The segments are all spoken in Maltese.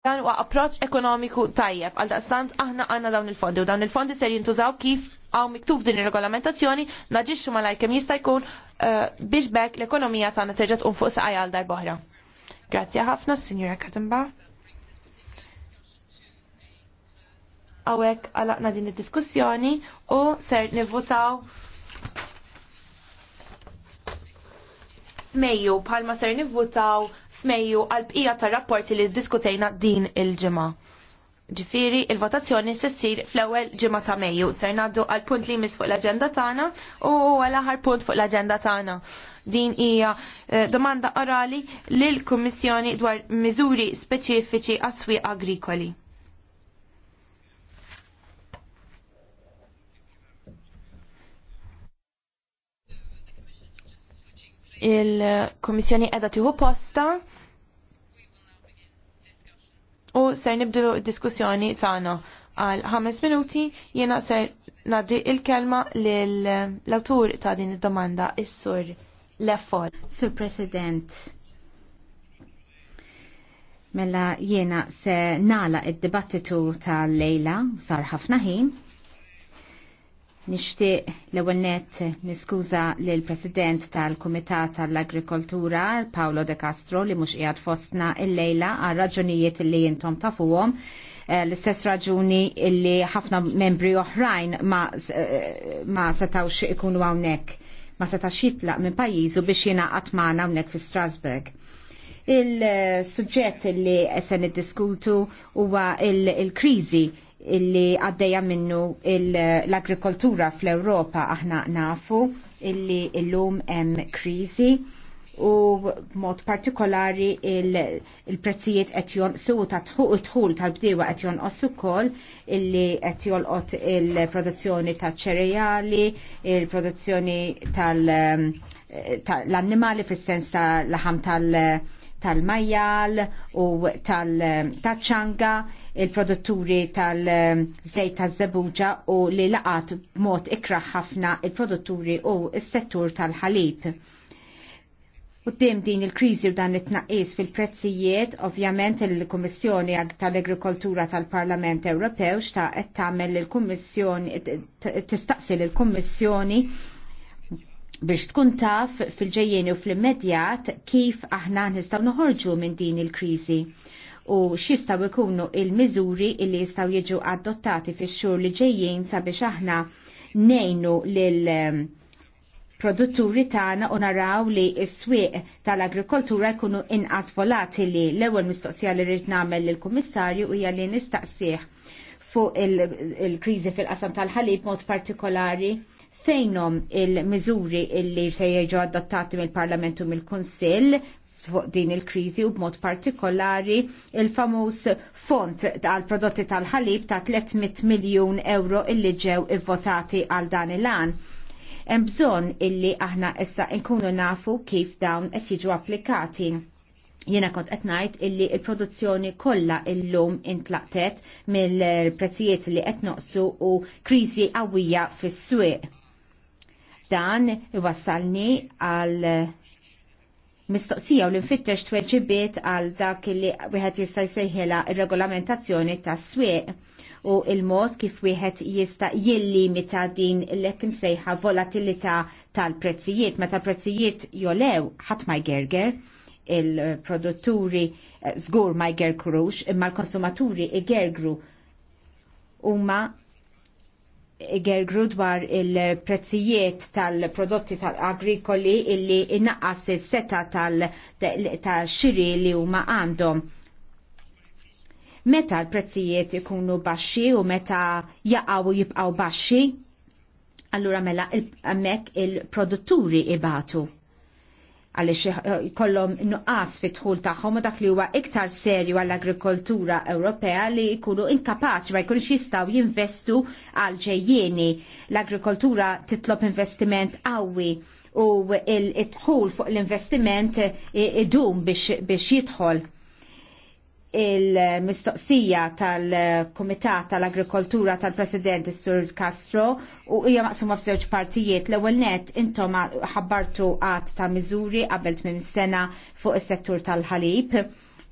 dan huwa approċċ ekonomiku tajjeb għal daqstant aħna għandna dawn il-fondi u dawn il-fondi ser jintużaw kif għaw miktub din ir-regolamentazzjoni naġixxu malajr kemm jista' jkun eh, biex bekk l-ekonomija tagħna terġa' tqum fuq saqaj għal darb'oħra. Grazzi ħafna, Sinjura Katimba. Għawek għalaqna din id-diskussjoni u ser nivvutaw Mejju bħalma ser nivvotaw f'Mejju għal bqija tar-rapporti li diskutejna din il-ġimgħa. Ġifiri, il-votazzjoni se ssir fl-ewwel ġimgħa ta' Mejju. Ser ngħaddu għal punt li jmiss fuq l-aġenda tagħna u għal aħar punt fuq l-aġenda tagħna. Din hija eh, domanda orali lill-Kummissjoni dwar miżuri speċifiċi għas-swieq agrikoli. il-Komissjoni edha tiħu posta u ser nibdu diskussjoni tagħna għal ħames minuti jiena ser naddi il-kelma l-autur ta' din id-domanda is-sur Leffol. Sur President, mela jiena se nala id-dibattitu ta' lejla sar ħafna ħin Nishtiq l-ewwel nett niskuża lil President tal-Kumitat tal-Agrikoltura Paolo De Castro li mhux qiegħed fostna illejla għal raġunijiet li jintom tafuhom eh, l-istess raġuni li ħafna membri oħrajn ma, eh, ma setawx ikunu hawnhekk ma setax jitlaq minn pajjiżu biex jingħaqad magħna hawnhekk fi Strasbourg. Il-suġġett li se niddiskutu huwa il-kriżi illi għaddeja minnu l-agrikoltura fl-Europa aħna nafu illi illum hemm krizi u mod partikolari il-prezzijiet qed jonqsu ta' tħul tal-bdiewa qed jonqos ukoll illi qed jolqot il-produzzjoni ta' ċereali, il-produzzjoni tal-annimali fis-sens tal-laħam tal-majjal u tal-ċanga, il-produtturi tal-żejt taż-żebuġa u li laqat mod ikraħ ħafna il-produtturi u s-settur il produtturi u s settur tal ħalib Uddim din il-kriżi u dan it-tnaqqis fil-prezzijiet, ovvjament il-Kummissjoni tal-Agrikoltura tal-Parlament Ewropew xta' qed tagħmel il-Kummissjoni tistaqsi lill-Kummissjoni biex tkun taf fil-ġejjeni u fl-immedjat kif aħna nistgħu noħorġu minn din il-kriżi u xistaw ikunu il-miżuri li jistgħu jiġu adottati fix-xhur li ġejjin sabiex aħna nejnu lil ehm, produtturi tagħna u naraw li s-swieq tal-agrikoltura jkunu inqas volati li L-ewwel mistoqsija li rrid nagħmel lill-Kummissarju hija li nistaqsih fuq il-kriżi fil-qasam tal-ħalib mod partikolari fejnom il-miżuri illi se jiġu adottati mill-Parlament u mill-Kunsill fuq din il-krizi u b'mod partikolari il-famuż font għal prodotti tal-ħalib ta' 300 miljun euro illi ġew ivvotati għal dan il-an. Hemm bżonn illi aħna issa nkunu nafu kif dawn qed jiġu applikati. Jiena kont qed ngħid illi l-produzzjoni kollha illum intlaqtet mill-prezzijiet li qed noqsu u kriżi qawwija fis-swieq. Dan iwassalni għal mistoqsija u l-infittex tweġibiet għal dak li wieħed jista' jsejħilha ir-regolamentazzjoni tas-swieq u il-mod kif wieħed jista' jillimita din l-ek msejħa volatilità tal-prezzijiet. Meta prezzijiet jolew ħadd ma jgerger il-produtturi żgur eh, ma jgerkrux imma l-konsumaturi igergru huma gergru dwar il-prezzijiet tal-prodotti tal-agrikoli illi innaqqas il-seta tal-xiri li huma għandhom. Meta l-prezzijiet ikunu baxxi u meta jaqgħu jibqgħu baxxi, allura mela hemmhekk il-produtturi ibatu għaliex eh, kollhom nuqqas fit-dħul tagħhom u dak li huwa iktar serju għall-agrikoltura Ewropea li jkunu inkapaċi ma jkunx jistgħu jinvestu għal ġejjieni. L-agrikoltura titlob investiment qawwi u il-dħul fuq l-investiment idum biex jidħol il-mistoqsija tal-Kumitat tal-Agrikoltura tal-President Sur Castro u hija maqsuma f'żewġ partijiet. L-ewwel net intom ħabbartu għadd ta' miżuri qabel tmiem sena fuq is-settur tal-ħalib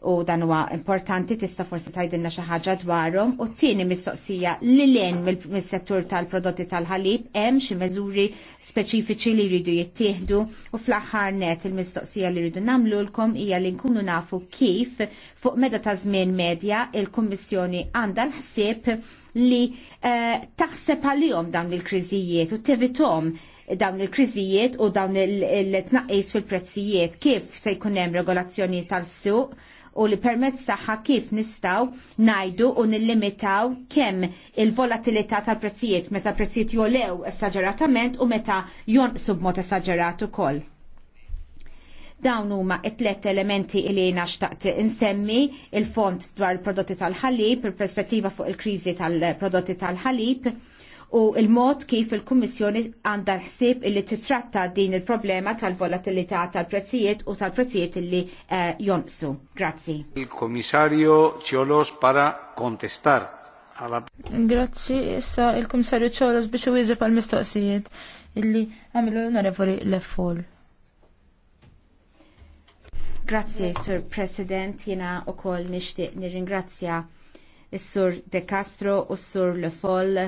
u dan huwa importanti tista' forsi tgħidilna xi ħaġa dwarhom u t-tieni mistoqsija li lejn mis-settur tal-prodotti tal-ħalib hemm xi meżuri speċifiċi li jridu jittieħdu u fl-aħħar net il-mistoqsija li jridu nagħmlulkom hija li nkunu nafu kif fuq meta ta' żmien medja il-Kummissjoni għandha l-ħsieb li eh, taħseb għalihom dawn il-kriżijiet u tevithom dawn il-kriżijiet u dawn il-tnaqqis fil-prezzijiet kif se jkun hemm regolazzjoni tal-suq u li permezz tagħha kif nistgħu ngħidu u nillimitaw kemm il-volatilità tal-prezzijiet meta prezzijiet jolew esaġeratament u meta jonqsu b'mod esaġerat ukoll. Dawn huma t-tlet elementi li naxtaqt insemmi il-font dwar il-prodotti tal-ħalib, il-perspettiva fuq il-kriżi tal-prodotti tal-ħalib, il prodotti tal ħalib il perspettiva fuq il kriżi tal prodotti tal ħalib u il-mod kif il-Kummissjoni għandha ħsieb illi titratta din il-problema tal-volatilità tal-prezzijiet u tal-prezzijiet illi uh, jonqsu. Grazzi. il kommissario Ciolos para kontestar. Grazzi, issa il-Komissarju Ciolos biex u għal-mistoqsijiet illi għamilu l-onorevoli l-effol. Grazie, Sir President, jena u koll nishtiq nirringrazzja il-Sur De Castro u s-Sur Le Foll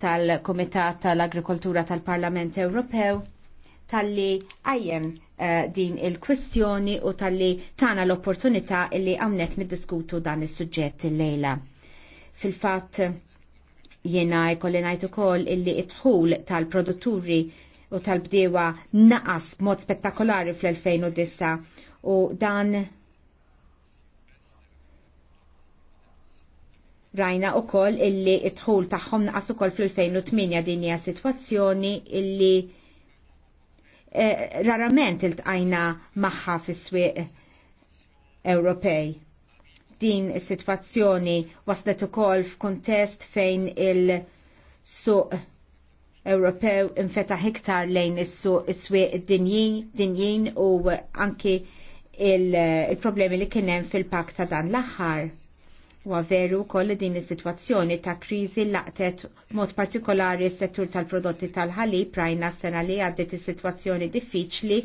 tal-Komitat tal-Agrikoltura tal-Parlament Ewropew tal-li għajjem uh, din il-kwestjoni u tal-li tana l-opportunità li għamnek niddiskutu dan is-suġġett il il-lejla. Fil-fat jena jkolli najtu kol illi itħul tal-produtturi u tal-bdewa naqas mod spettakolari fl-2009 u dan Rajna u koll illi idħul taħħom naqas u koll fl-2008 dinja situazzjoni illi eh, rarament il-tqajna maħħa fis-swieq Ewropej. Din is-sitwazzjoni waslet ukoll f'kuntest fejn il-suq Ewropew infeta hektar lejn is-suq is-swieq dinjin u anki il-problemi il li kien hemm fil pakta ta' dan l-aħħar Wa veru koll din is-sitwazzjoni ta' kriżi laqtet mod partikolari s-settur tal-prodotti tal-ħalib rajna s-sena li għaddet is-sitwazzjoni diffiċli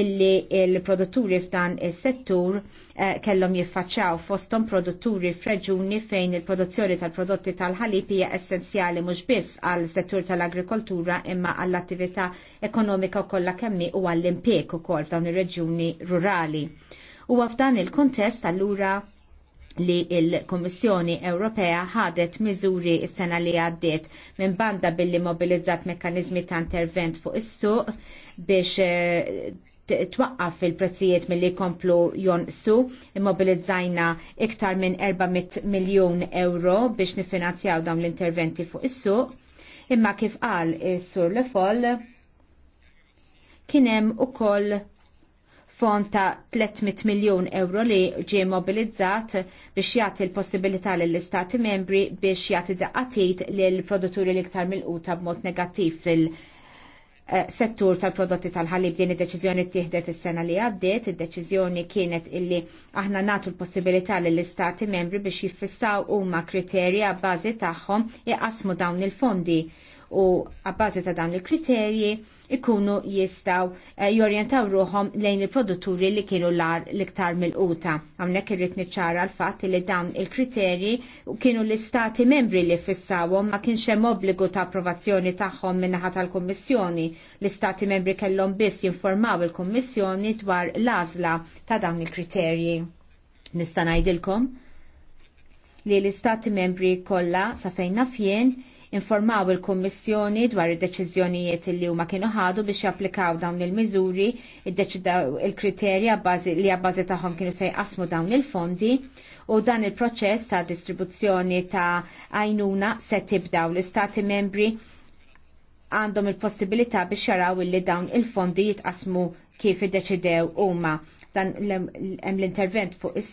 illi il-produtturi f'dan is-settur eh, kellhom jiffaċċaw fosthom produtturi f'reġuni fejn il-produzzjoni tal-prodotti tal-ħalib hija essenzjali mhux biss għal settur tal-agrikoltura imma għall-attività ekonomika kollha kemmi u għall-impjeg ukoll f'dawn ir-reġuni rurali. U f'dan il-kontest allura li il-Kommissjoni Ewropea ħadet miżuri s-sena li għaddiet minn banda billi mobilizzat mekkanizmi ta' intervent fuq is-suq biex eh, twaqqaf il-prezzijiet mill-li komplu jonqsu, immobilizzajna iktar minn 400 miljon euro biex nifinanzjaw dawn l-interventi fuq is-suq. Imma kif qal is-sur Lefol, kienem u koll fond ta' 300 miljon euro li ġie mobilizzat biex jagħti l-possibilità lill istati membri biex jagħti daqqatit lill produtturi l-iktar mill-quta b'mod negattiv fil- eh, settur tal-prodotti tal-ħalib din id-deċiżjoni tieħdet is-sena li għaddiet, id-deċiżjoni kienet illi aħna natu l-possibilità lill istati membri biex jiffissaw huma kriterja bażi tagħhom iqasmu dawn il-fondi u għabbażi ta' dan il-kriterji ikunu jistaw eh, jorjentaw ruħom lejn il-produtturi li kienu lar l-iktar mill-quta. Għamnek irrit niċċara l fat li dan il-kriterji kienu l-istati membri li fissawom ma kienx hemm obbligu ta' approvazzjoni tagħhom minnaħa tal-Kummissjoni. L-istati membri kellhom biss jinformaw il-Kummissjoni dwar l-għażla ta' dawn il-kriterji. Nista' ngħidilkom li l-istati membri kollha sa fejn nafjen informaw il-Kommissjoni dwar id-deċiżjonijiet li huma kienu ħadu biex japplikaw dawn il-miżuri, id-deċidaw il-kriterja li għabbażi tagħhom kienu se jqasmu dawn il-fondi u dan il-proċess ta' distribuzzjoni ta' għajnuna se tibdaw l-Istati membri għandhom il-possibilità biex jaraw li dawn il-fondi jitqasmu kif iddeċidew huma dan hemm l-intervent fuq is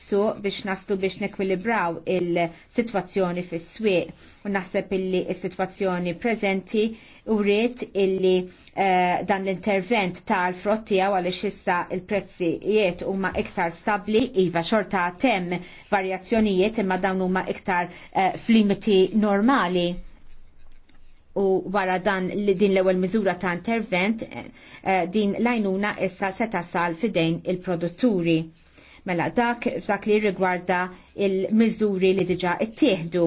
biex naslu biex nekwilibraw il-sitwazzjoni fis-swieq u naħseb illi il-situazzjoni sitwazzjoni preżenti rrit illi uh, dan l-intervent tal-frott tiegħu għaliex issa il-prezzijiet huma iktar stabbli iva xorta tem varjazzjonijiet imma dawn huma iktar uh, flimiti normali u wara dan li din l-ewwel miżura ta' intervent eh, eh, din l-għajnuna issa se tasal fidejn il-produtturi. Mela dak f'dak li rigwarda il-miżuri li diġa ttieħdu.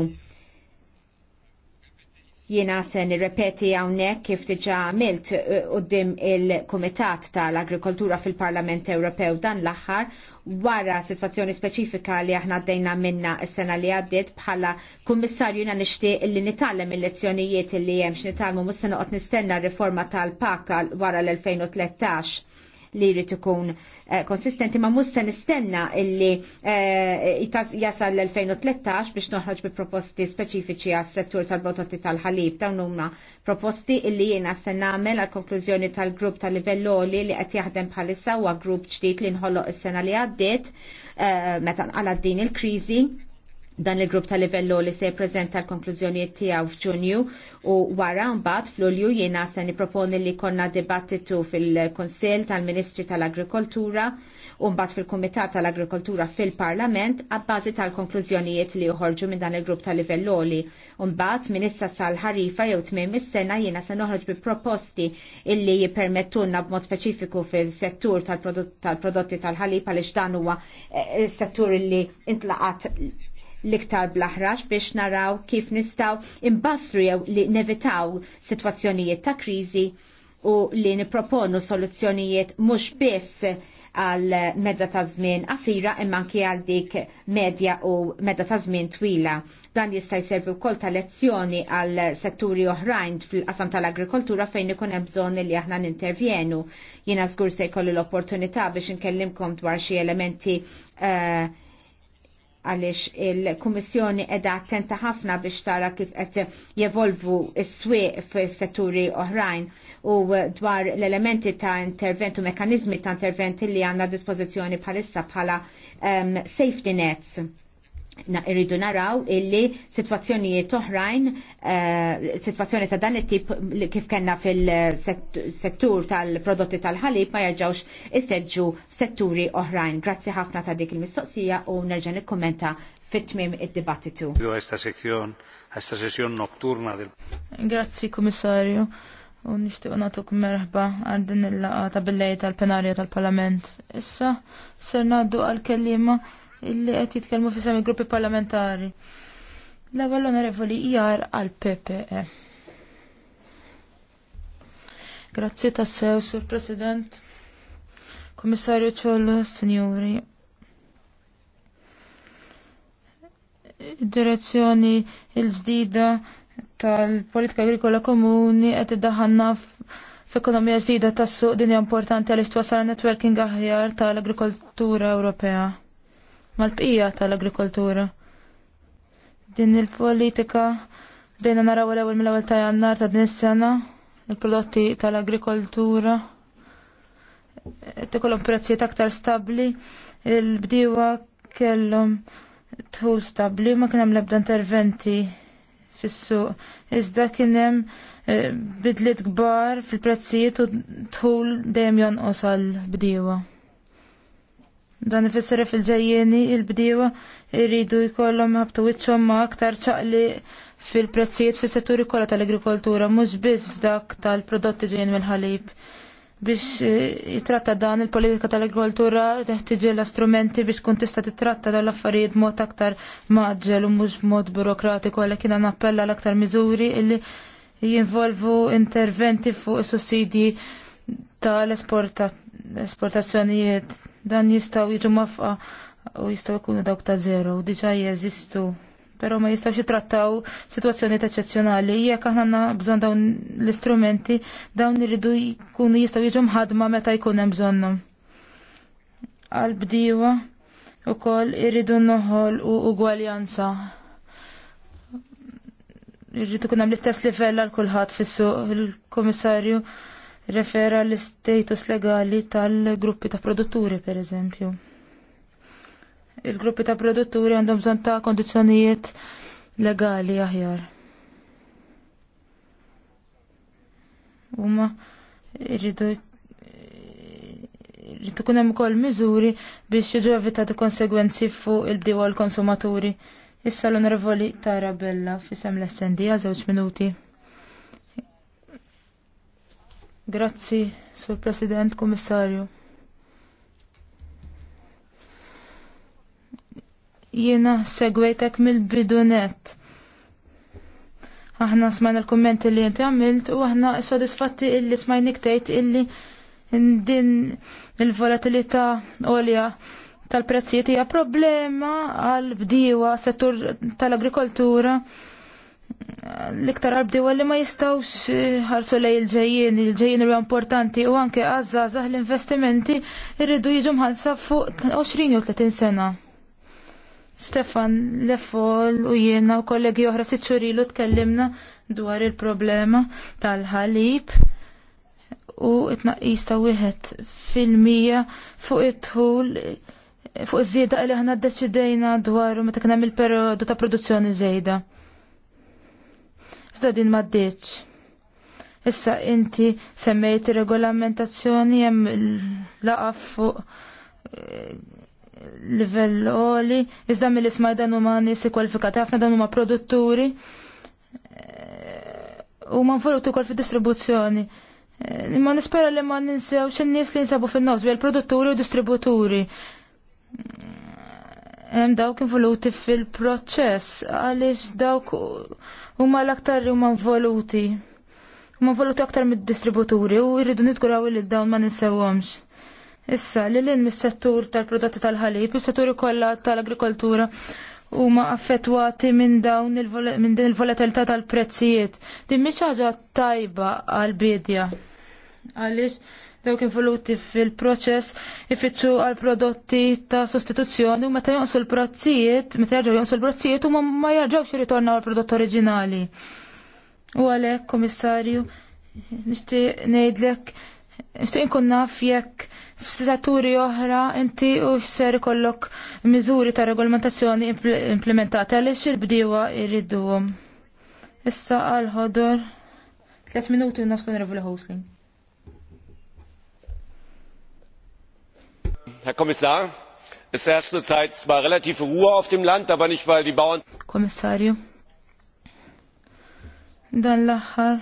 Jiena se nirrepeti hawnhekk kif diġà għamilt uh, qudiem il-Kumitat tal-Agrikoltura fil-Parlament Ewropew dan l-aħħar wara sitwazzjoni speċifika li aħna għaddejna minna s-sena li għaddiet bħala kummissarju jiena nixtieq li nitgħallem il-lezzjonijiet li hemm x'nitalmu mhux se noqgħod nistenna r-riforma tal-PAK wara l-2013 li jrid ikun eh, konsistenti ma mhux se nistenna illi eh, jasal l-2013 biex noħroġ bi proposti speċifiċi għas settur tal-prodotti tal-ħalib dawn huma proposti illi jiena se nagħmel għal konklużjoni tal-grupp tal-livelloli li qed jaħdem bħalissa huwa grupp ġdid li nħolloq is-sena li għaddiet eh, meta nqala din il-kriżi dan il-grupp tal livello li se prezenta l-konklużjonijiet tiegħu f'Ġunju u wara mbagħad f'Lulju jiena se nipproponi li konna dibattitu fil-Kunsill tal-Ministri tal-Agrikoltura u mbagħad fil-Kumitat tal-Agrikoltura fil-Parlament abbażi tal-konklużjonijiet li joħorġu minn dan il-grupp tal livello li mbagħad minn issa sal-ħarifa jew tmiem is-sena jiena se noħroġ bi proposti illi jippermettulna b'mod speċifiku fil-settur tal-prodotti tal-ħalib għaliex dan huwa eh, settur illi intlaqat l-iktar biex naraw kif nistaw imbassru jew li nevitaw situazzjonijiet ta' krizi u li niproponu soluzzjonijiet mhux biss għal medda ta' żmien qasira imma anke għal dik medja u medda ta' żmien twila. Dan jista' jservi wkoll ta' lezzjoni għal setturi oħrajn fil-qasam tal-agrikoltura fejn ikun hemm bżonn li aħna nintervjenu. Jiena żgur se jkollu l-opportunità biex inkellimkom dwar xi elementi uh, għalix il-Kummissjoni edha attenta ħafna biex tara kif qed jevolvu s-swieq fis-setturi oħrajn u dwar l-elementi ta' intervent u mekanizmi ta' intervent li għandna dispożizzjoni bħalissa bħala um, safety nets na, irridu naraw illi situazzjonijiet oħrajn, uh, situazzjoni ta' dan it-tip kif kellna fil-settur tal-prodotti tal-ħalib ma jarġawx ifeġġu setturi oħrajn. Grazzi ħafna ta' dik il-mistoqsija u nerġa' nikkummenta fit-tmim id-dibattitu. Grazzi, komissarju. U nishtiq natuk merħba għal din il-laqa ta' billej tal-penarja tal-Parlament. Issa, ser naddu għal-kellima illi qed jitkellmu fisem il-gruppi parlamentari. L-ewwel onorevoli jar e għal PPE. Grazzi tassew, Sur President, Komissarju Ċollu, Sinjuri. Direzzjoni il-ġdida tal-politika agrikola komuni qed iddaħħalna f'ekonomija ġdida tas-suq din hija importanti għaliex twassal networking aħjar tal-agrikoltura Ewropea mal-bqija tal-agrikoltura. Din il-politika bdejna naraw l-ewwel mill-ewwel ta' jannar ta' din is-sena il-prodotti tal-agrikoltura tikollhom prezzijiet aktar stabbli il-bdiewa kellhom tħul stabbli ma kien hemm l-ebda interventi fis-suq. Iżda kien hemm eh, bidliet kbar fil-prezzijiet u tħul dejjem jonqos għall bdiewa. Dan ifisser fil-ġejjeni il-bdiewa irridu jkollhom ħabtu wiċċhom ma' aktar ċaqli fil-prezzijiet fis-setturi kollha tal-agrikoltura mhux biss f'dak tal-prodotti ġejjin mill-ħalib. Biex eh, jitratta dan il-politika tal-agrikoltura teħtiġi l-istrumenti biex kun tista' titratta dawn l-affarijiet mod aktar maġġel u mhux mod burokratiku għalhekk jiena nappella l-aktar miżuri illi jinvolvu interventi fuq is-sussidji tal-esportazzjonijiet dan jistaw jiġu mafqa u jistaw jkunu dawk ta' zero diġa jeżistu. Pero ma jistaw jitrattaw situazzjoni eccezjonali, jekk aħna bżon dawn l-istrumenti, dawn irridu jkunu jistaw jiġu mħadma meta jkun hemm bżonnhom. Għal-bdiewa u kol irridu noħol u ugwaljanza Irridu kunem hemm l-istess livell għal kulħadd fis-suq il-Kummissarju refera l-istatus legali tal-gruppi ta' produtturi, per eżempju. Il-gruppi ta' produtturi għandhom bżon ta' kondizjonijiet legali aħjar. Huma irridu irridu kun hemm ukoll miżuri biex jiġu evitati konsegwenzi fuq il-bdiewa l-konsumaturi. Issa l-onorevoli Bella fisem l-SND għal żewġ minuti. Grazzi, Sur President, Komissarju. Jiena segwejtek mill-bidunet. Aħna smajna l-kommenti li jinti għamilt u aħna sodisfatti illi smajnik tgħid illi din il-volatilità olja tal-prezzijiet hija problema għal bdiewa settur tal-agrikoltura. tal agrikoltura l-iktar għarbdew li ma jistawx eh, ħarsu lej il-ġejjien, il-ġejjien huwa importanti u anke għazzazah l-investimenti irridu jiġu mħalsa fuq 20 u 30 sena. Stefan Leffol u jiena u kollegi oħra siċurilu tkellimna dwar il-problema tal-ħalib u it-naqis wieħed fil-mija fuq it-tħul fuq iż-żieda li aħna ddeċidejna dwar meta kien hemm il-perjodu ta' produzzjoni żejda Zda din maddeċ. Issa inti semmejt regolamentazzjoni jem laqaf fuq eh, livell oli, iżda mill-ismaj dan huma nies ikkwalifikati ħafna dan huma produtturi eh, u ma nfoluk tukol fid-distribuzzjoni. Eh, ma nispera li ma ninsew x'in-nies li jinsabu fin-nofs bil produtturi u distributuri. Hemm dawk involuti fil-proċess għaliex dawk huma l-aktar huma involuti. Huma involuti aktar mid-distributuri u jridu nitkuraw li dawn ma ninsewhomx. Issa li l mis-settur tal-prodotti tal-ħalib, is-setturi kollha tal-agrikoltura huma affettwati minn dawn minn din il-volatilità tal-prezzijiet. Din mhix ħaġa tajba għal-bidja. Għaliex dawk involuti fil-proċess ifittxu għal prodotti ta' sostituzzjoni u meta jonqsu l-prozzijiet, meta jarġaw jonqsu l-prozzijiet u ma jarġgħux jirritornaw għal prodott oriġinali. U għalhekk, komissarju, nixtieq ngħidlek, nixtieq inkun naf jekk f'setturi oħra inti u x'ser kollok miżuri ta' regolamentazzjoni implementati għaliex il-bdiewa jriduhom. Issa għal ħodor 3 minuti u l Housling. Herr Kommissar, es herrscht zurzeit zwar relative Ruhe auf dem Land, aber nicht, weil die Bauern. Kommissarju, dan l-aħħar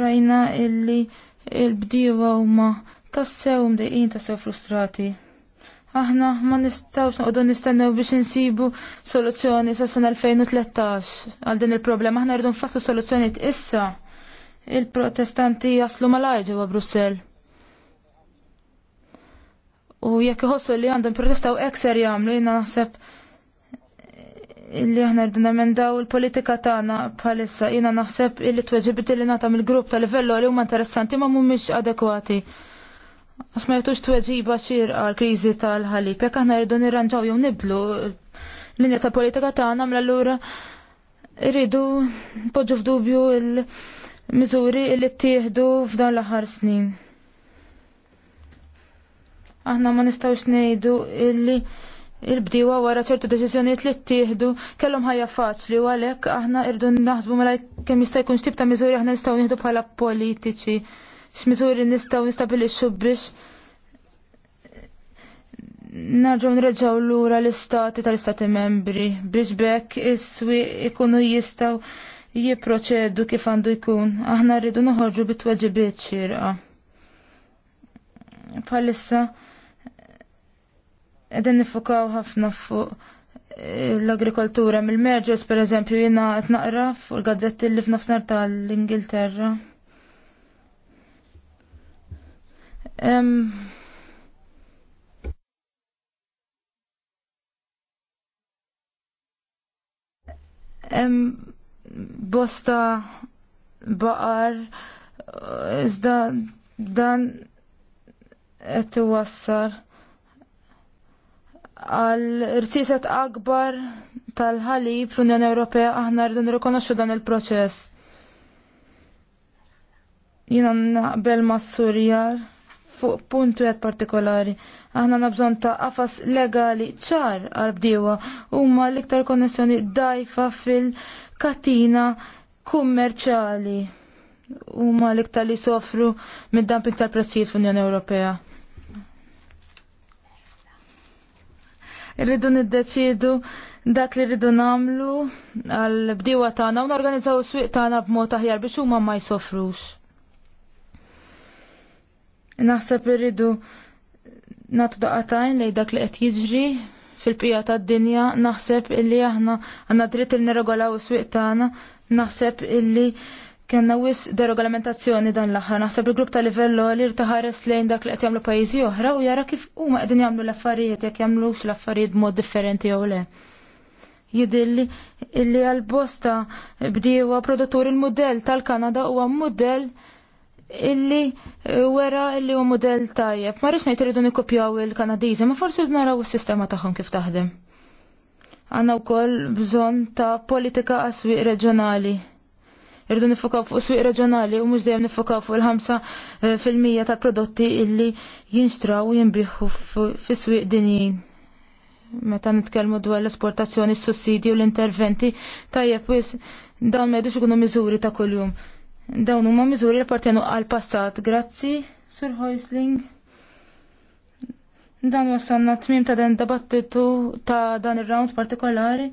rajna illi il-bdiewa huma tassew mdejqin tassew frustrati. Aħna ma nistawx noqogħdu nistennew biex insibu soluzzjoni sa sena 2013 għal din il-problema. Aħna rridu nfasslu soluzzjonijiet issa il-protestanti jaslu malajġu wa Brussell. U jekk iħossu li għandhom u ekser jagħmlu jiena naħseb illi aħna rridu namendaw il-politika tagħna bħalissa jiena naħseb illi tweġibiti li nagħta mill-grupp tal livello li huma interessanti ma mhumiex adekwati. Għax ma jagħtux tweġiba xir għal-krizi tal-ħalib, jekk aħna rridu nirranġaw jew nibdlu l-linja ta' politika tagħna mla allura rridu poġġu f'dubju il-miżuri li ttieħdu f'dan l-aħħar snin. Aħna ma nistawx ngħidu illi il bdiwa wara ċertu deċiżjonijiet li ttieħdu kellhom ħajja faċli u għalhekk aħna irdu naħsbu mela kemm jista' jkun xtib ta' miżuri aħna nistgħu nieħdu bħala politiċi. X'miżuri nistgħu nistabilixxu biex narġaw nreġaw lura l-istati tal-istati membri biex bekk iswi ikunu jistaw jiproċedu kif għandu jkun. Aħna rridu noħorġu bit-tweġibiet xirqa. Palissa Edin nifukaw ħafna fuq eh, l-agrikoltura mill-merġers, per eżempju, jena naqra fuq il-gazzetti li f'nofsnar tal-Ingilterra. Um, um, bosta baqar eh, iżda dan qed iwassar għal rsiset akbar tal-ħalib fl-Unjoni Ewropea aħna rridu nirrikonoxxu dan il-proċess. Jiena naqbel mas-Surjar fuq punt wieħed partikolari. Aħna nabżon ta' qafas legali ċar għal bdiewa huma l-iktar konnessjoni dajfa fil-katina kummerċjali huma l-iktar li sofru mid-dumping tal-prezzijiet fl-Unjoni Ewropea. Irridu niddeċidu dak li rridu namlu għal-bdiwa tagħna u norganizzaw is-swieq tagħna b'mod aħjar biex huma ma jsofrux. Naħseb irridu natu daqatajn li dak li qed jiġri fil-pija tad-dinja, naħseb illi aħna għandna dritt il-nirregolaw is-swieq tagħna, naħseb illi Kenna wis deregolamentazzjoni dan l-aħħar naħseb il-grupp ta' livello li rtaħares lejn dak li qed jagħmlu pajjiżi oħra u jara kif huma qegħdin jagħmlu l-affarijiet jekk jagħmlux l-affarijiet b'mod differenti jew le. Jidilli illi għal-bosta bdiewa produttur il-modell tal-Kanada huwa modell illi wera illi huwa modell tajjeb. Ma rridx ngħid iridu nikkopjaw il-Kanadiżi, ma forsi naraw is-sistema tagħhom kif taħdem. Għandna wkoll bżonn ta' politika qaswiq reġjonali Irridu nifokaw fuq swieq reġjonali u mhux dejjem nifokaw fuq il ħamsa eh, fil-mija tal prodotti illi jinxtraw u jinbiħu fis-swieq dinjin. Meta nitkellmu dwar l-esportazzjoni, s-sussidji u l-interventi, tajjeb wis dawn m'għedux ikunu miżuri ta' kuljum. Dawn huma miżuri li partenu għal-passat. Grazzi, Sur Hoisling. Dan wasanna tmim ta' dan dibattitu ta' dan ir round partikolari.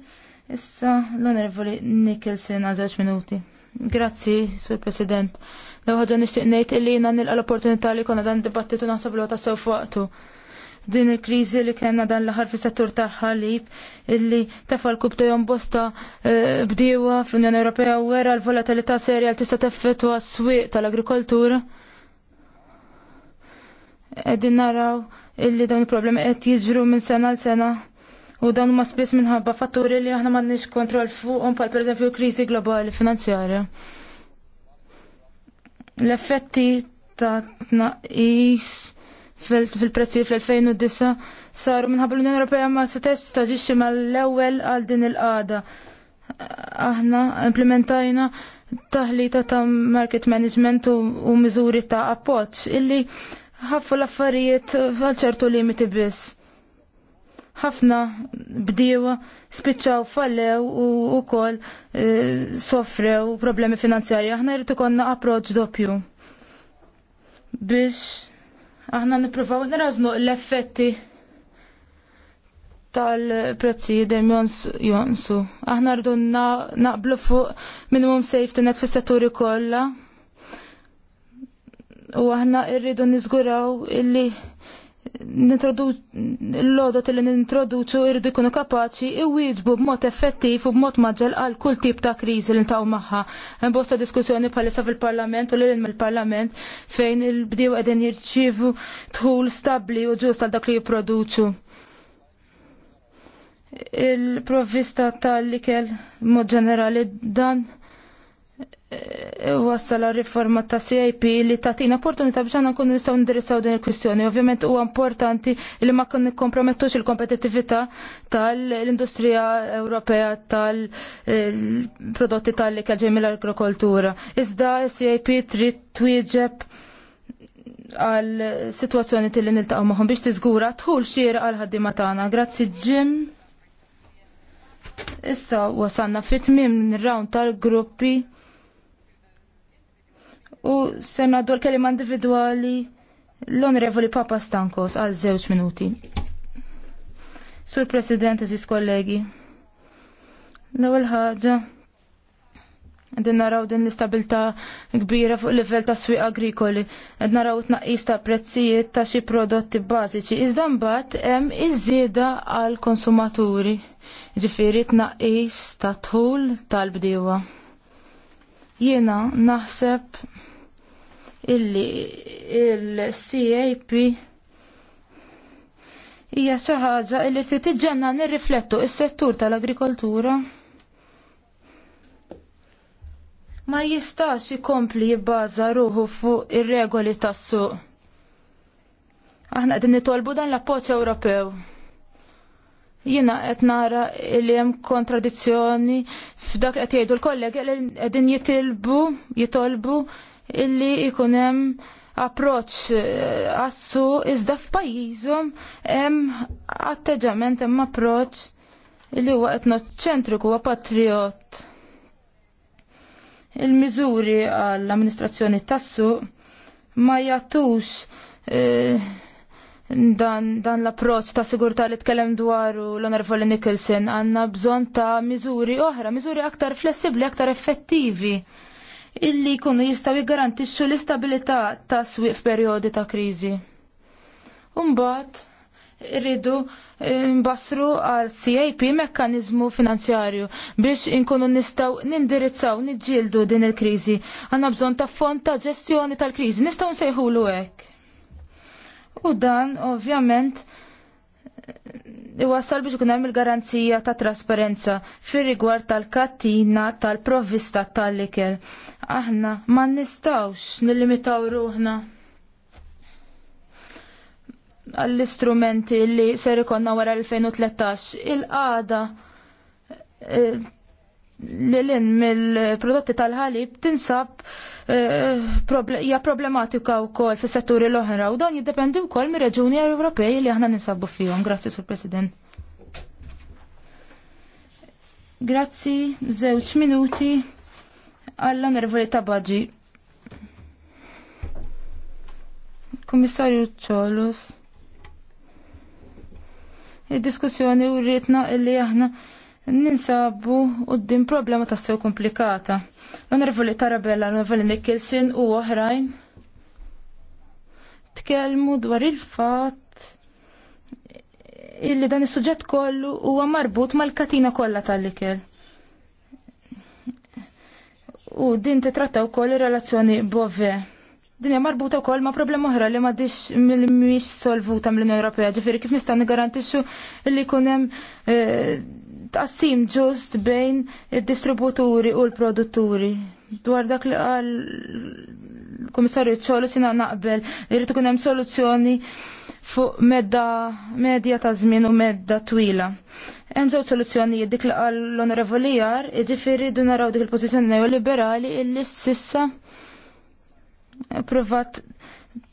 Issa l-onervoli Nicholson għal minuti. Grazzi, Sur President. Lew ħaġa nixtieq ngħid illi jiena nilqa l-opportunità li konna dan dibattitu naħseb li ta' sew fuqtu. Din il-kriżi li kellna dan l-aħħar fis-settur tal-ħalib illi tefa l-kubta jom bosta eh, bdiewa fl-Unjoni Ewropea wera l-volatilità serja li tista' teffettwa s-swieq tal-agrikoltura. Qegħdin naraw illi dawn il-problemi qed jiġru minn sena l sena U dawn huma spiss minħabba fatturi li aħna m'għandniex kontroll fuqhom bħal pereżempju kriżi globali finanzjarja. L-effetti ta' tnaqis fil-prezzi fl-2009 saru minħabba l-Unjoni Ewropea ma setess taġixxi mal-ewwel għal din il-qagħda. Aħna implementajna taħlita ta' market management u miżuri ta' appoġġ illi ħaffu l-affarijiet għal ċertu limiti biss ħafna bdiewa spiċċaw fallew u wkoll e, sofrew problemi finanzjarji. Aħna jrid ikollna approċċ doppju biex aħna nippruvaw nirażnu l-effetti tal-prezzi dejjem jonsu. Aħna rridu naqblu fuq minimum safety net fis-setturi kollha. U aħna rridu niżguraw illi l-lodot li nintroduċu irridu jkunu kapaċi iwieġbu b'mod effettiv u b'mod maġġel għal kull tip ta' kriżi li ntaw maħħa. Hemm bosta diskussjoni bħalissa fil-Parlament u l-ilm mill-Parlament fejn il-bdiew qegħdin jirċievu tħul stabbli u ġust għal dak li jipproduċu. Il-provvista tal-ikel mod ġenerali dan la riforma ta' CIP li tatina opportunità biex għanna nkunu nistaw ndirizzaw din il-kwistjoni. Ovvjament huwa importanti li ma kun nikkompromettux il kompetitività tal-industrija Ewropea tal-prodotti tal li ġej mill agrokoltura Iżda CIP trid twieġeb għal situazzjoni til niltaqgħu magħhom biex tiżgura tħul xiera għal ħaddiema tagħna. Grazzi Jim. Issa wasanna fit-tmiem round tal-gruppi. U l kelima individuali l-onorevoli Papa Stankos għal żewġ minuti. Sur President, eżis kollegi, l-ewwel ħaġa Għedin naraw din l-istabilta kbira fuq livell ta' swi agrikoli. Għed naraw t t-naqis ta' prezzijiet ta' xi prodotti bażiċi. Iżda mbagħad hemm iż-żieda għal konsumaturi. t tnaqqis ta' tħul tal-bdiewa. Jiena naħseb illi il-CAP hija xi ħaġa li se tiġġenna nirriflettu s settur tal-agrikoltura ma jistax ikompli jibbaża ruħu fuq ir-regoli tas-suq. Aħna qegħdin nitolbu dan l-appoġġ Ewropew. Jiena qed nara li hemm kontradizzjoni f'dak qed jgħidu l-kollegi qegħdin jitilbu jitolbu illi ikun hemm approċ għassu eh, iżda f'pajjiżhom hemm atteġġament hemm approċ illi huwa etnoċentriku huwa patriot. Il-miżuri għall-amministrazzjoni tassu ma jagħtux eh, dan, dan l-approċ ta' sigurtà li tkellem dwaru l-Onorevoli Nicholson għandna bżonn ta' miżuri oħra, miżuri aktar flessibbli, aktar effettivi illi jkunu jistgħu jiggarantixxu l-istabilità ta' swieq f'perjodi ta' kriżi. Umbat, irridu mbassru eh, għal CAP mekkanizmu finanzjarju biex inkunu nistaw nindirizzaw, nidġildu din il-krizi. Għanna bżon ta' fond ta' ġestjoni tal-krizi, nistaw nsejħulu hekk. U dan, ovvjament, iwassal biex ikun hemm il-garanzija ta' trasparenza fir-rigward tal-kattina tal-provvista tal-ikel. Aħna ma nistawx nillimitaw ruħna għall-istrumenti li ser ikonna wara 2013 il-qada eh, li l-in mill-prodotti tal-ħalib tinsab hija problematika wkoll fis-setturi l-oħra u dan jiddependi wkoll mir-reġuni Ewropej li aħna ninsabu fihom. Grazzi sur President. Grazzi, żewġ minuti għall nervoli tabaġi. Kummissarju Ċolus. Id-diskussjoni u rritna li aħna ninsabu u din problema sew komplikata Onorevoli Tarabella, Onorevoli Nicholson u oħrajn tkellmu dwar il-fatt illi dan is-suġġett kollu huwa marbut mal-katina kollha tal-ikel. U din titratta wkoll ir-relazzjoni bove. Din hija marbuta wkoll ma' problema oħra li m'għadix mhix solvuta mill-Unjoni Ewropea, ġifieri kif nistgħu nigarantixxu li jkun hemm eh, taqsim ġust bejn id-distributuri u l-produtturi. Dwar dak li qal komissarju ċollu sina naqbel, irrid ikun hemm soluzzjoni fuq medda medja ta' żmien u medda twila. Hemm żewġ soluzzjonijiet dik li qal l-onorevoli jar, jiġifieri du naraw dik il-pożizzjoni neoliberali illi sissa provat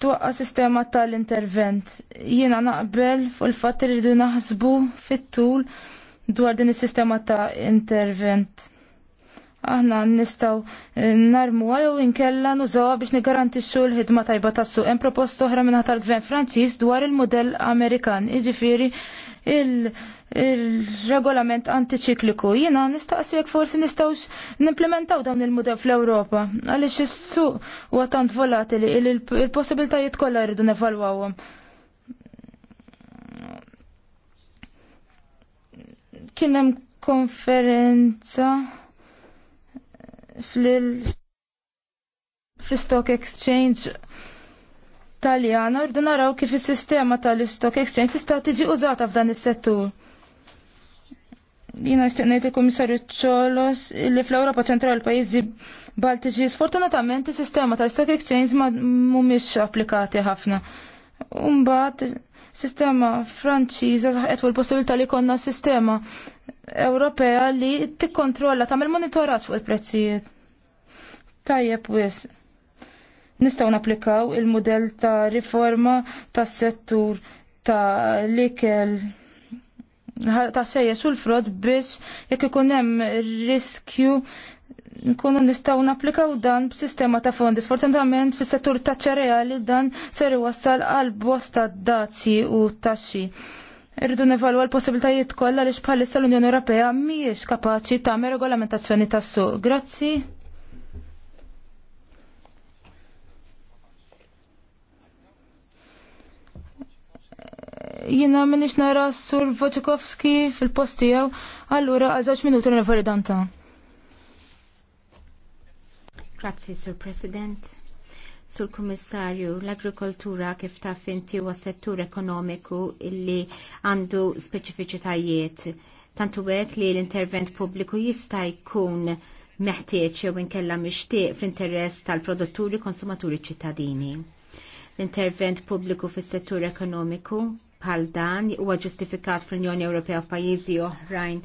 twaqqa sistema tal-intervent. Jiena naqbel fuq il-fatt li rridu naħsbu fit-tul dwar din is-sistema ta' intervent. Aħna nistaw eh, narmu għalu inkella nużaw biex nigarantixxu l-ħidma tajba tas-suq. Hemm proposta oħra minn tal-Gvern Franċiż dwar il-modell Amerikan, jiġifieri il-regolament il antiċikliku. Jiena jekk forsi nistgħux nimplementaw dawn il-modell fl-Ewropa għaliex is-suq huwa tant volatili il-possibiltajiet kollha jridu nevalwawhom. Kien hemm konferenza fl-Stock Exchange Taljana urdu naraw kif is-sistema tal-Stock Exchange tista' tiġi użata f'dan is-settur. Jina ngħid il-Kummissarju Ċolos li fl-Ewropa ċentrali pajjiżi Baltiċi sfortunatament is-sistema tal-Stock Exchange ma mhumiex applikati ħafna. Umbagħad sistema Franċiża saħqet u l-possibilità li konna sistema Ewropea li tikkontrolla tagħmel monitorat fuq il-prezzijiet. Tajjeb wis. Nistgħu napplikaw il-mudell ta' riforma tas-settur ta' l-ikel ta' xejjex sul l-frod biex jekk ikun hemm riskju nkunu nistgħu napplikaw dan b'sistema ta' fondi. Sfortunatament fis-settur ta' ċereali dan ser iwassal għal bosta dazzi u taxxi. Irridu nevalwa l-possibilitajiet kollha li bħalissa l-Unjoni Ewropea mhijiex kapaċi tagħmel regolamentazzjoni tas-suq. Grazzi. Jina minix nara Sur Wojciechowski fil postijaw tiegħu, allura għal żewġ minuti l-Università Grazzi, Sur President. Sur Kummissarju, l-agrikoltura kif taf inti huwa settur ekonomiku illi għandu speċifiċitajiet. Tantu għek li l-intervent pubbliku jista' jkun meħtieġ jew inkella mixtieq fl-interess tal-produtturi, konsumaturi, ċittadini. L-intervent pubbliku fis-settur ekonomiku bħal dan huwa ġustifikat fl-Unjoni Ewropea f'pajjiżi oħrajn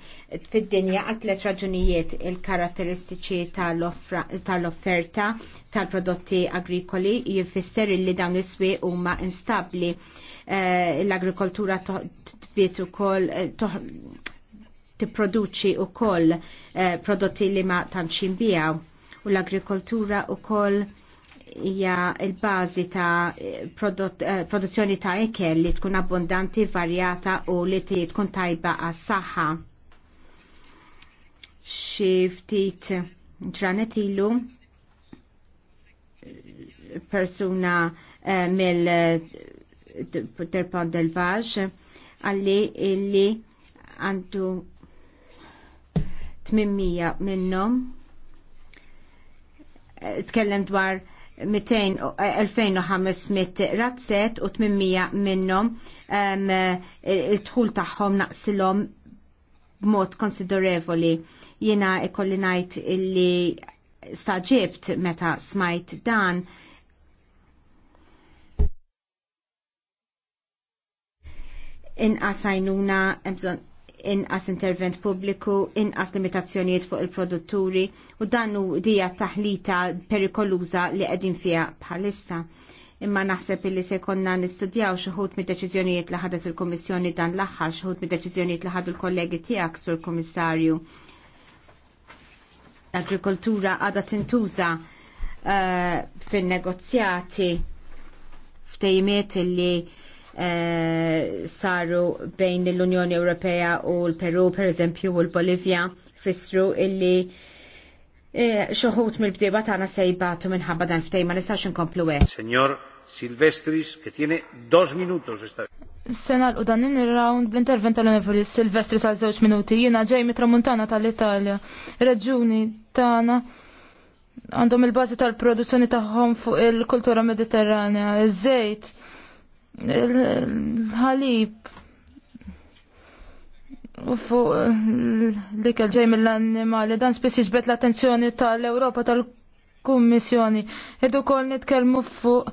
fid-dinja għal raġunijiet il-karatteristiċi tal-offerta tal-prodotti agrikoli jifisser li dawn is-swieq huma instabbli eh, l-agrikoltura tbiet ukoll eh, tipproduċi ukoll eh, prodotti li ma tantx jinbijaw u l-agrikoltura ukoll hija l-bażi ta' eh, produzzjoni ta' ikel li tkun abbondanti, varjata u li tkun tajba għas-saħħa. Xi ftit ġranet ilu persuna eh, mill eh, Terpon del Vaj għalli illi għandu 800 minnom tkellem dwar Eh, 2500 razzet u 800 minnom eh, il-tħul taħħom naqsilom b'mod konsiderevoli. Jena ikolli najt illi staġibt meta smajt dan inqasajnuna bżon inqas intervent pubbliku, inqas limitazzjonijiet fuq il-produtturi u dan hu dija taħlita perikoluża li qegħdin fiha bħalissa imma naħseb illi se konna nistudjaw xuħut mid deċiżjonijiet li ħadet il-Kommissjoni dan l-aħħar, xuħut mid deċiżjonijiet li ħadu l-kollegi tiegħek sur Kommissarju. L-agrikoltura għadha tintuża uh, fin-negozjati ftejmiet illi Eh, saru bejn l-Unjoni Ewropea u l-Peru, per eżempju, u l-Bolivja, fissru illi eh, xoħut mill-bdiba tagħna sejbatu minħabba dan ftejma nistax inkomplu hekk. Senjor Silvestris, che tiene dos minutos esta. Sena u dan in-round bl-intervent tal-Universal Silvestri għal żewġ minuti jiena ġej mit-tramuntana tal-Italja. Reġuni tagħna għandhom il-bażi tal-produzzjoni tagħhom fuq il-kultura mediterranja, iż-żejt. il kultura mediterranea iż żejt il l-ħalib u fuq eh, l-ikel ġej mill-annimali dan spiss jiġbet l-attenzjoni tal-Ewropa tal-Kummissjoni. Irdu kol nitkellmu fuq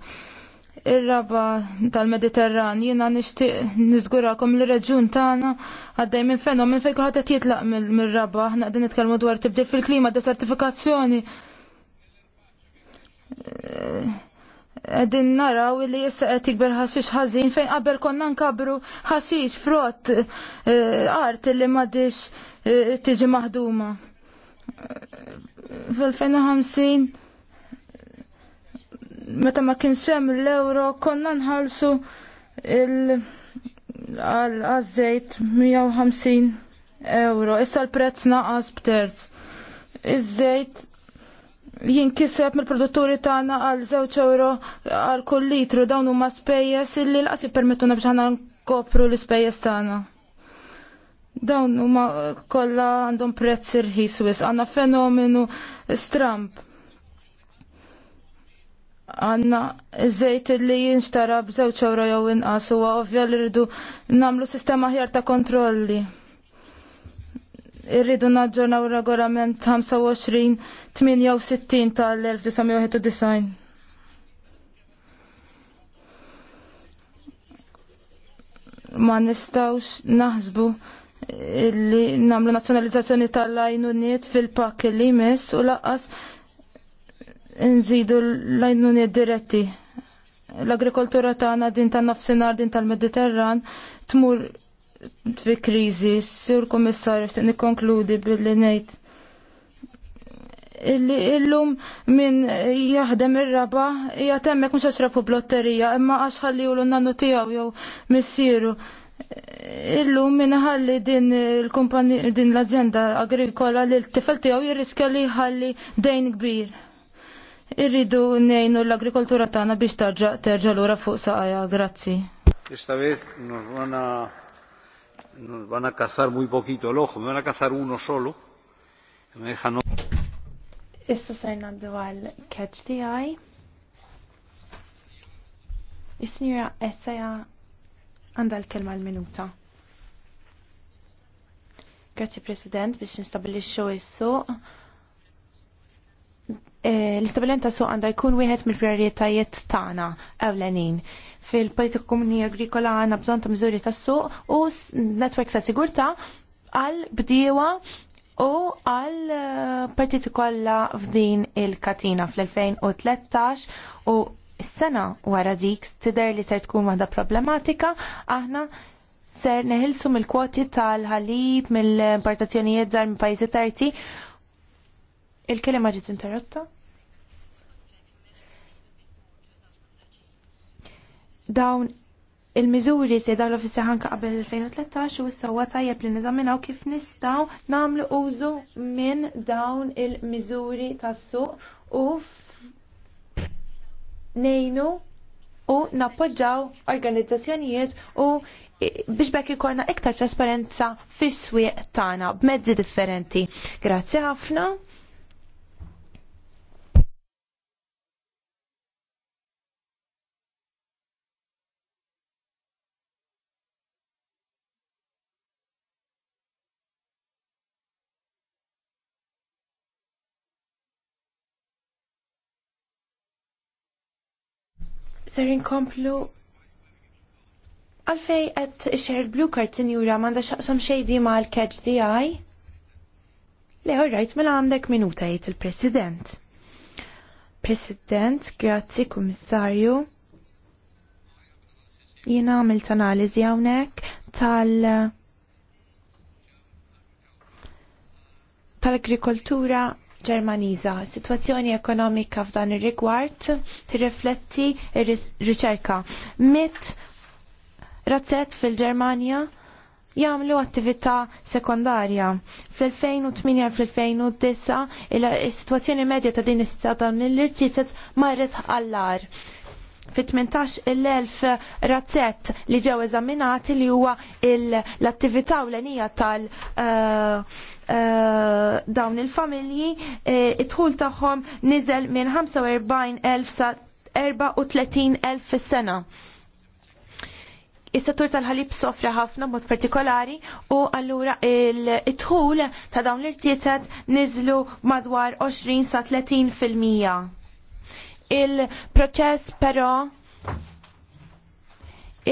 ir-raba tal-Mediterran. Jiena nixtieq niżgurakom li reġjun tagħna għaddej minn fenom minn fejn kulħadd qed jitlaq mill raba Aħna qegħdin nitkellmu dwar tibdil fil-klima, desertifikazzjoni eh, Din naraw li jissa qed ikber ħasix ħażin fejn qabel konna nkabru ħaxix frott e, art li m'għadix e, tiġi maħduma. Fil-2050 meta ma kienx hemm l-euro konna nħallsu għal għazzejt 150 euro. Issa l-prezz naqas b'terz. Iż-żejt Jien kisseb mill-produtturi tagħna għal żewġ euro għal kull litru dawn huma spejjeż illi laqas jippermettuna biex aħna nkopru l-ispejjeż tagħna. Dawn huma kollha għandhom prezz irħis wis għandna fenomenu stramp. Għanna żejt li jinxtara b'żewġ euro jew inqas huwa ovvja li rridu nagħmlu sistema ħjar ta' kontrolli irridu naġġornaw regolament 25-68 tal-1991. Ma nistawx naħsbu illi namlu nazzjonalizzazzjoni tal-lajnuniet fil-pak li jmiss u laqas nżidu l-lajnuniet diretti. L-agrikoltura tagħna din tan-nofsinhar din tal-Mediterran tmur fi kriżi, sur komissarju ftit nikkonkludi billi ngħid illi illum minn jaħdem ir-raba hija temmek mhux għax blotterija imma għax l nannu tiegħu jew missieru. Illum minn ħalli din il-kumpani din l-azienda agrikola li l-tifel tiegħu jirriskja li ħalli dejn kbir. Irridu nejnu l-agrikoltura tagħna biex terġa' terġa' lura fuq saqajja, grazzi van a cazar muy poquito el ojo, me van a cazar uno solo. Me dejan... Issa sajna għal catch the eye. is Essaja għandha l-kelma l-minuta. Grazie President biex nistabilixxu is-suq. Eh, L-istabilenta suq għandha jkun wieħed mill-prijoritajiet tagħna ewlenin fil-politika komuni agrikola għandna bżonn ta' miżuri tas-suq u netwerk ta' sigurtà għal bdiewa u għal eh, partiti kollha f'din il-katina fl-2013 u s-sena wara dik tidher li ser tkun waħda problematika aħna ser neħilsu mill-kwoti tal-ħalib mill-importazzjonijiet żgħar minn pajjiżi tarti. il kelema ġiet interrotta? dawn il-miżuri se dawn l seħanka ħanka qabel 2013 u s-sawa tajjeb li niżaminaw kif nistaw namlu użu minn dawn il-miżuri tas-suq u nejnu u nappoġġaw organizzazzjonijiet u biex bekk ikolna iktar trasparenza fis-swieq tagħna b'mezzi differenti. Grazzi ħafna. Ser inkomplu għalfej għed xer blue kartin jura manda xaqsom xejdi ma l-catch di għaj? Le, rajt mela għandek minuta jgħid il-President. President, grazzi kummissarju. Jien għamilt analiżi hawnhekk tal tal-agrikoltura Ġermaniża. Situazzjoni ekonomika f'dan ir-rigward tirrifletti r-riċerka. Mit razzett fil-Ġermanja jagħmlu attività sekondarja. Fl-2008 fl-2009 il sitwazzjoni medja ta' din is-sata mill-irtizet marret għallar fit-18 l 1000 razzett li ġew eżaminati li huwa l-attività ewlenija tal- uh, Eh, dawn il-familji eh, it-tħul tagħhom niżel minn 45,000 sa 34,000 fil sena Is-settur tal-ħalib sofra ħafna mod partikolari u allura il-tħul ta' dawn l-irtietet niżlu madwar 20 sa 30 fil-mija. Il-proċess però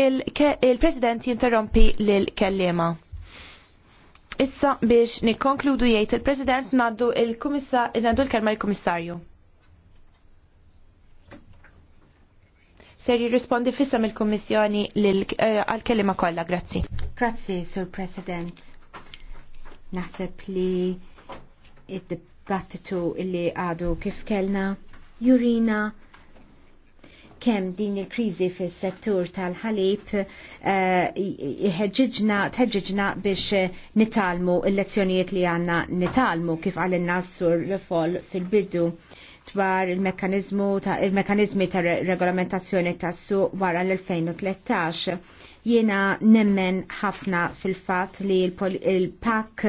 il-President jinterrompi l kellima issa biex nikkonkludu jgħid il-President naddu il-kelma il-Kummissarju. Ser jirrispondi fissa mill kummissjoni eh, għal-kelima kollha, grazzi. Grazzi, Sur President. Naħseb li id-dibattitu illi għadu kif kellna jurina kemm din il-kriżi fis-settur tal-ħalib iħeġġiġna eh, biex eh, nitalmu l-lezzjonijiet li għandna nitalmu kif għal l fol fil-bidu dwar il-mekanizmu ta' il-mekanizmi ta' regolamentazzjoni tas-suq wara l-2013 jiena nemmen ħafna fil-fat li l-pak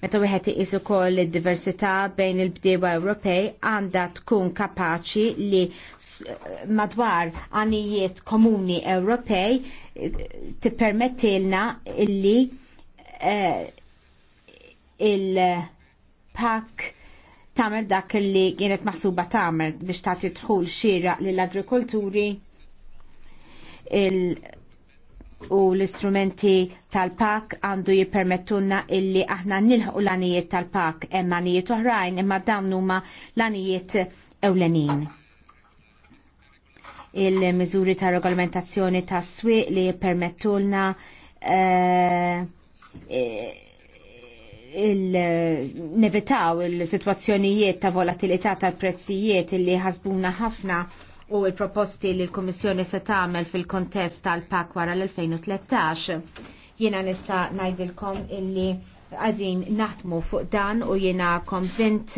Meta wieħed iqis ukoll id-diversità bejn il-bdiewa Ewropej għandha tkun kapaċi li eh, madwar għanijiet komuni Ewropej eh, tippermettilna illi eh, il-pak tamer dak li kienet maħsuba tamer biex tagħti dħul xira lill agrikolturi il- u l-istrumenti tal-pak għandu jippermettunna illi aħna nilħu l-anijiet tal-pak emma anijiet oħrajn imma dawn huma l-anijiet ewlenin. Il-miżuri ta' regolamentazzjoni ta' swieq li jippermettulna eh, eh, il-nevitaw il-situazzjonijiet ta' volatilità tal-prezzijiet illi ħasbuna ħafna u il-proposti li l-Komissjoni se tagħmel fil-kontest tal-pak wara l-2013. Jiena nista' ngħidilkom illi għadin naħdmu fuq dan u jiena konvint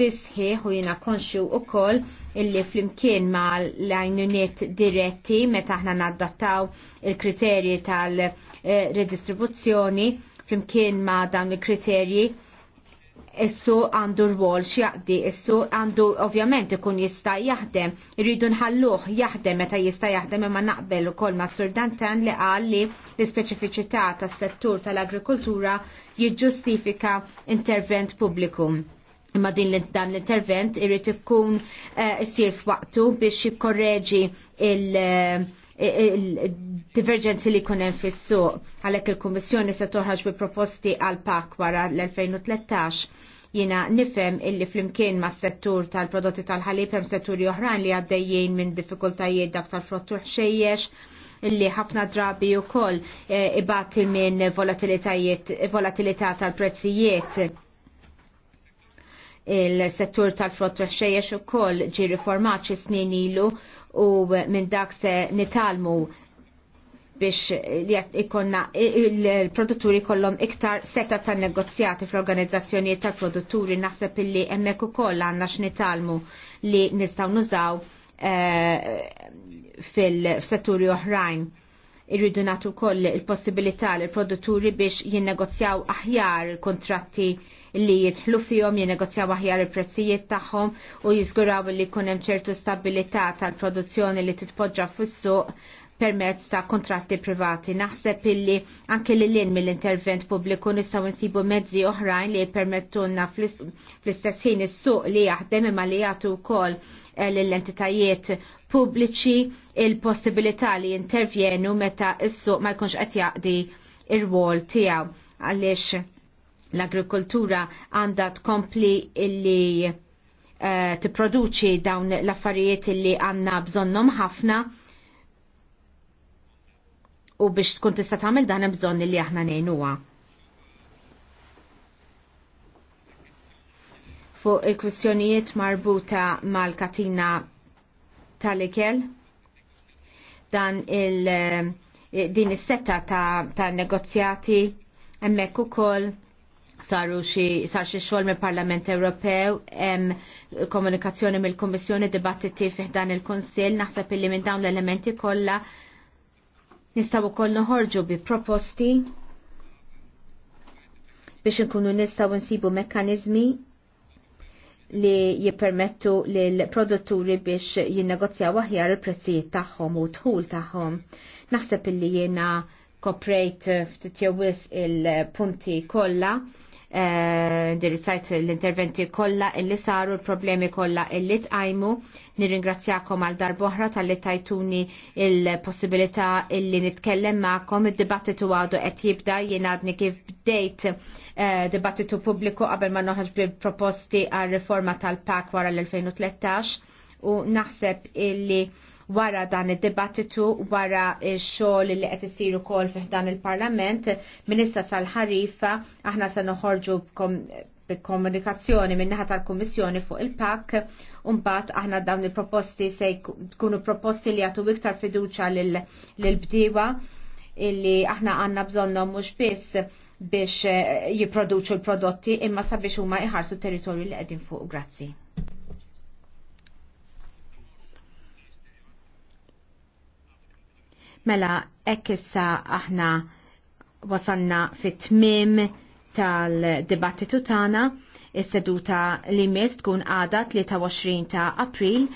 bisħiħ u jiena konxju u koll illi flimkien ma l-għajnuniet diretti meta ħna naddattaw il-kriterji tal-redistribuzzjoni eh, flimkien ma dawn il-kriterji essu għandu rwol x'jaqdi, essu għandu ovvjament ikun jista' jaħdem, irridu nħalluh jaħdem meta jista' jaħdem imma naqbel ukoll ma' Sur Dantan li qal li l-ispeċifiċità tas-settur tal-agrikoltura jiġġustifika intervent pubbliku. Imma din dan l-intervent irrid ikun eh, issir f'waqtu biex jikkorreġi il- uh, E, e, divergenzi li kunem fis-suq għalhekk il-Kummissjoni se toħraġ bi proposti għal pak wara l-2013 jina nifem illi flimkien ma' settur tal-prodotti tal-ħalib hemm setturi oħrajn li għaddejjin minn diffikultajiet dak tal-frottur xejjex illi ħafna drabi u koll e, ibati minn volatilità tal-prezzijiet il-settur tal frottu xejjex u koll ġi riformat snin ilu u minn dak se nitalmu biex ikonna il-produtturi kollom iktar seta ta' negozjati fl-organizzazzjonijiet tal produtturi naħseb illi emmek u koll għanna x'nitalmu li nistaw nużaw eh, fil-setturi oħrajn irridu natu koll il-possibilità l produtturi biex jinnegozjaw aħjar il-kontratti li jitħlu fihom, jinnegozjaw aħjar il-prezzijiet tagħhom u jiżguraw li jkun hemm ċertu stabilità tal-produzzjoni li titpoġġa fis-suq permezz ta' kontratti privati. Naħseb illi anke li l-in mill-intervent pubbliku nistgħu nsibu mezzi oħrajn li permettunna fl-istess ħin is-suq li jaħdem imma li jagħtu wkoll eh, l-entitajiet pubbliċi il-possibilità li intervjenu meta is-suq ma jkunx qed jaqdi ir-wol tiegħu għaliex l-agrikoltura għandha tkompli illi eh, tipproduċi dawn l-affarijiet illi għandna bżonnhom ħafna u biex tkun tista' tagħmel dan hemm bżonn li aħna ngħinuha. Fuq il-kwistjonijiet marbuta mal-katina tal-ikel dan il- eh, din is-setta ta', ta negozjati hemmhekk ukoll saru xi sar xi xogħol mill-Parlament Ewropew, hemm komunikazzjoni mill-Kummissjoni dibattiti fih dan il-Kunsill, naħseb illi minn dawn l-elementi kollha Nistaw ukoll noħorġu bi proposti biex nkunu nistaw nsibu mekkanizmi li jippermettu l produtturi biex jinnegozja aħjar il-prezzijiet tagħhom u tħul tagħhom. Naħseb illi jiena koprejt ftit jewis il-punti kollha Eh, dirizzajt l-interventi kollha illi saru l-problemi kollha illi tqajmu. Nirringrazzjakom għal darboħra tal-li tajtuni il-possibilità illi nitkellem maħkom. id-dibattitu għadu qed jibda jien għadni kif bdejt eh, dibattitu pubbliku qabel ma noħħġ bi proposti għal riforma tal-pak wara l-2013 u naħseb illi wara dan id-dibattitu wara x-xogħol li qed isir ukoll fih dan il-Parlament minissa sal-ħarifa aħna se noħorġu komunikazzjoni minnaħa tal-Kummissjoni fuq il-PAK Umbat aħna dawn il-proposti se tkunu proposti li jagħtu iktar fiduċa lill-bdiewa illi aħna għandna bżonnhom mhux biss biex eh, jipproduċu l-prodotti imma sabiex huma iħarsu territorju li qegħdin fuq. Grazzi. Mela, ekk issa aħna wasanna fit-tmim tal-dibattitu tagħna is-seduta li mis tkun għada 23 ta' April